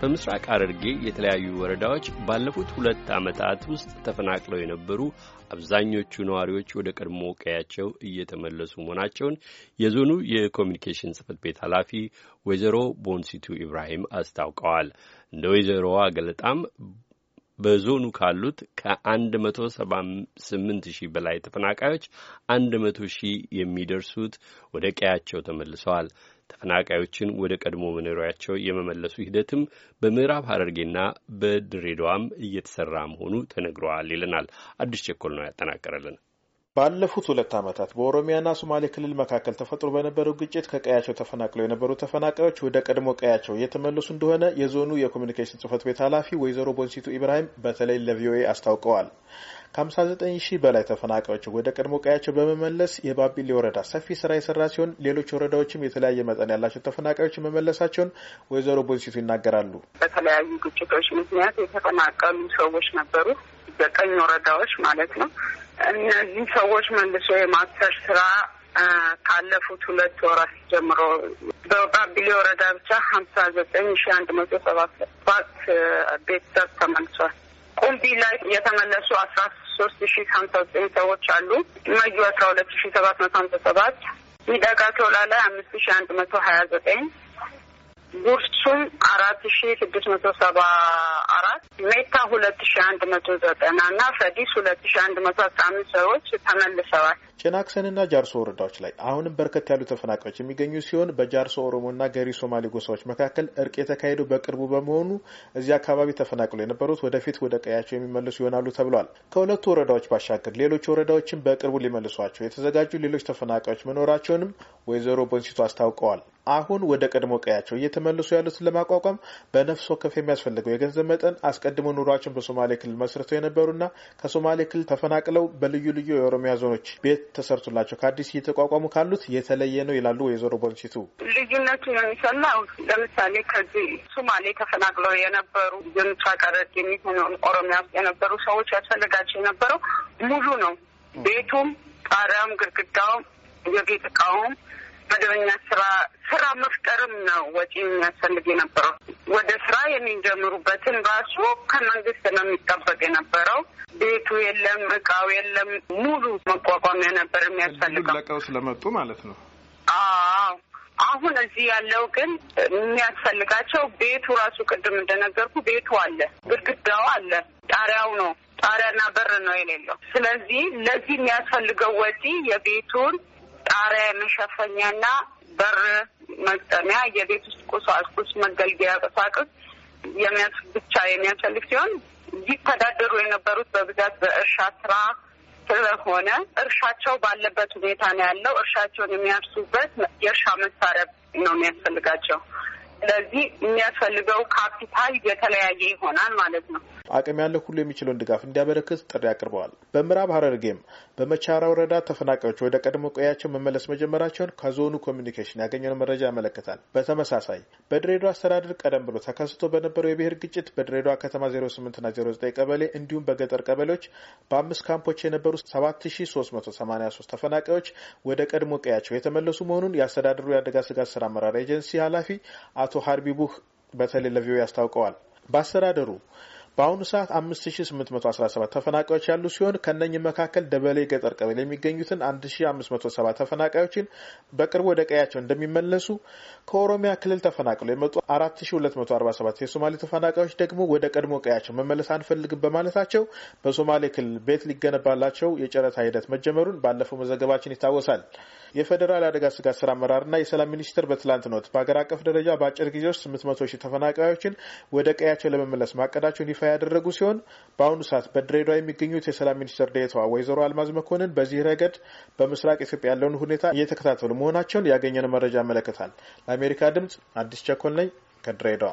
በምስራቅ ሐረርጌ የተለያዩ ወረዳዎች ባለፉት ሁለት ዓመታት ውስጥ ተፈናቅለው የነበሩ አብዛኞቹ ነዋሪዎች ወደ ቀድሞ ቀያቸው እየተመለሱ መሆናቸውን የዞኑ የኮሚኒኬሽን ጽህፈት ቤት ኃላፊ ወይዘሮ ቦንሲቱ ኢብራሂም አስታውቀዋል። እንደ ወይዘሮዋ ገለጣም በዞኑ ካሉት ከ178 ሺህ በላይ ተፈናቃዮች 100 ሺህ የሚደርሱት ወደ ቀያቸው ተመልሰዋል። ተፈናቃዮችን ወደ ቀድሞ መኖሪያቸው የመመለሱ ሂደትም በምዕራብ ሀረርጌና በድሬዳዋም እየተሰራ መሆኑ ተነግረዋል ይለናል። አዲስ ቸኮል ነው ያጠናቀረልን። ባለፉት ሁለት ዓመታት በኦሮሚያና ሶማሌ ክልል መካከል ተፈጥሮ በነበረው ግጭት ከቀያቸው ተፈናቅለው የነበሩ ተፈናቃዮች ወደ ቀድሞ ቀያቸው እየተመለሱ እንደሆነ የዞኑ የኮሚኒኬሽን ጽፈት ቤት ኃላፊ ወይዘሮ ቦንሲቱ ኢብራሂም በተለይ ለቪኦኤ አስታውቀዋል። ከ59 ሺህ በላይ ተፈናቃዮች ወደ ቀድሞ ቀያቸው በመመለስ የባቢሌ ወረዳ ሰፊ ስራ የሰራ ሲሆን ሌሎች ወረዳዎችም የተለያየ መጠን ያላቸው ተፈናቃዮች መመለሳቸውን ወይዘሮ ቦንሲቱ ይናገራሉ። በተለያዩ ግጭቶች ምክንያት የተፈናቀሉ ሰዎች ነበሩ፣ ዘጠኝ ወረዳዎች ማለት ነው። እነዚህ ሰዎች መልሶ የማሰር ስራ ካለፉት ሁለት ወራት ጀምሮ በባቢሌ ወረዳ ብቻ ሀምሳ ዘጠኝ ሺ አንድ መቶ ሰባት ቤተሰብ ተመልሷል። ቁልቢ ላይ የተመለሱ አስራ ሶስት ሺ ሀምሳ ዘጠኝ ሰዎች አሉ። መዩ አስራ ሁለት ሺ ሰባት መቶ ሀምሳ ሰባት ሚዳጋ ቶላ ላይ አምስት ሺ አንድ መቶ ሀያ ዘጠኝ ጉርሱም አራት ሺ ስድስት መቶ ሰባ አራት ሜታ ሁለት ሺ አንድ መቶ ዘጠና እና ፈዲስ ሁለት ሺ አንድ መቶ አስራ አምስት ሰዎች ተመልሰዋል። ጭናክሰንና ጃርሶ ወረዳዎች ላይ አሁንም በርከት ያሉ ተፈናቃዮች የሚገኙ ሲሆን በጃርሶ ኦሮሞና ገሪ ሶማሌ ጎሳዎች መካከል እርቅ የተካሄደው በቅርቡ በመሆኑ እዚህ አካባቢ ተፈናቅለው የነበሩት ወደፊት ወደ ቀያቸው የሚመለሱ ይሆናሉ ተብሏል። ከሁለቱ ወረዳዎች ባሻገር ሌሎች ወረዳዎችን በቅርቡ ሊመልሷቸው የተዘጋጁ ሌሎች ተፈናቃዮች መኖራቸውንም ወይዘሮ በንሲቶ አስታውቀዋል። አሁን ወደ ቀድሞ ቀያቸው እየተመለሱ ያሉትን ለማቋቋም በነፍስ ወከፍ የሚያስፈልገው የገንዘብ መጠን አስቀድሞ ኑሯቸውን በሶማሌ ክልል መስርተው የነበሩና ከሶማሌ ክልል ተፈናቅለው በልዩ ልዩ የኦሮሚያ ዞኖች ቤት ተሰርቶላቸው ከአዲስ እየተቋቋሙ ካሉት የተለየ ነው ይላሉ ወይዘሮ ቦንሲቱ። ልዩነቱ የሚሰናው ለምሳሌ ከዚህ ሱማሌ ተፈናቅለው የነበሩ ዘምቻ ቀረጥ የሚሆነውን ኦሮሚያ ውስጥ የነበሩ ሰዎች ያስፈልጋቸው የነበረው ሙሉ ነው። ቤቱም፣ ጣሪያም፣ ግድግዳውም፣ የቤት እቃውም መደበኛ ስራ ስራ መፍጠርም ነው ወጪ የሚያስፈልግ የነበረው። ወደ ስራ የሚጀምሩበትን ራሱ ከመንግስት ነው የሚጠበቅ የነበረው። ቤቱ የለም፣ እቃው የለም። ሙሉ መቋቋሚያ ነበር የሚያስፈልገው። ለቀው ስለመጡ ማለት ነው። አዎ አሁን እዚህ ያለው ግን የሚያስፈልጋቸው ቤቱ ራሱ ቅድም እንደነገርኩ ቤቱ አለ፣ ግድግዳው አለ፣ ጣሪያው ነው ጣሪያና በር ነው የሌለው። ስለዚህ ለዚህ የሚያስፈልገው ወጪ የቤቱን ጣሪያ መሸፈኛና በር መጠሚያ የቤት ውስጥ ቁሳቁስ መገልገያ ቁሳቁስ ብቻ የሚያስፈልግ ሲሆን ይተዳደሩ የነበሩት በብዛት በእርሻ ስራ ስለሆነ እርሻቸው ባለበት ሁኔታ ነው ያለው። እርሻቸውን የሚያርሱበት የእርሻ መሳሪያ ነው የሚያስፈልጋቸው። ስለዚህ የሚያስፈልገው ካፒታል የተለያየ ይሆናል ማለት ነው። አቅም ያለው ሁሉ የሚችለውን ድጋፍ እንዲያበረክት ጥሪ አቅርበዋል። በምዕራብ ሀረርጌም በመቻራ ወረዳ ተፈናቃዮች ወደ ቀድሞ ቀያቸው መመለስ መጀመራቸውን ከዞኑ ኮሚኒኬሽን ያገኘነው መረጃ ያመለክታል። በተመሳሳይ በድሬዳዋ አስተዳደር ቀደም ብሎ ተከስቶ በነበረው የብሔር ግጭት በድሬዳዋ ከተማ 08ና 09 ቀበሌ እንዲሁም በገጠር ቀበሌዎች በአምስት ካምፖች የነበሩ 7383 ተፈናቃዮች ወደ ቀድሞ ቀያቸው የተመለሱ መሆኑን የአስተዳደሩ የአደጋ ስጋት ስራ አመራር ኤጀንሲ ኃላፊ አቶ ሀርቢ ቡህ በተለይ ለቪኦኤ ያስታውቀዋል። በአስተዳደሩ በአሁኑ ሰዓት 5817 ተፈናቃዮች ያሉ ሲሆን ከነኝም መካከል ደበሌ ገጠር ቀበሌ የሚገኙትን 1507 ተፈናቃዮችን በቅርቡ ወደ ቀያቸው እንደሚመለሱ፣ ከኦሮሚያ ክልል ተፈናቅሎ የመጡ 4247 የሶማሌ ተፈናቃዮች ደግሞ ወደ ቀድሞ ቀያቸው መመለስ አንፈልግም በማለታቸው በሶማሌ ክልል ቤት ሊገነባላቸው የጨረታ ሂደት መጀመሩን ባለፈው መዘገባችን ይታወሳል። የፌዴራል አደጋ ስጋት ስራ አመራርና የሰላም ሚኒስቴር በትላንት ኖት በሀገር አቀፍ ደረጃ በአጭር ጊዜ ውስጥ 800 ሺህ ተፈናቃዮችን ወደ ቀያቸው ለመመለስ ማቀዳቸውን ይፈ ያደረጉ ሲሆን በአሁኑ ሰዓት በድሬዳዋ የሚገኙት የሰላም ሚኒስትር ዴኤታዋ ወይዘሮ አልማዝ መኮንን በዚህ ረገድ በምስራቅ ኢትዮጵያ ያለውን ሁኔታ እየተከታተሉ መሆናቸውን ያገኘነው መረጃ ያመለክታል። ለአሜሪካ ድምጽ አዲስ ቸኮል ነኝ ከድሬዳዋ።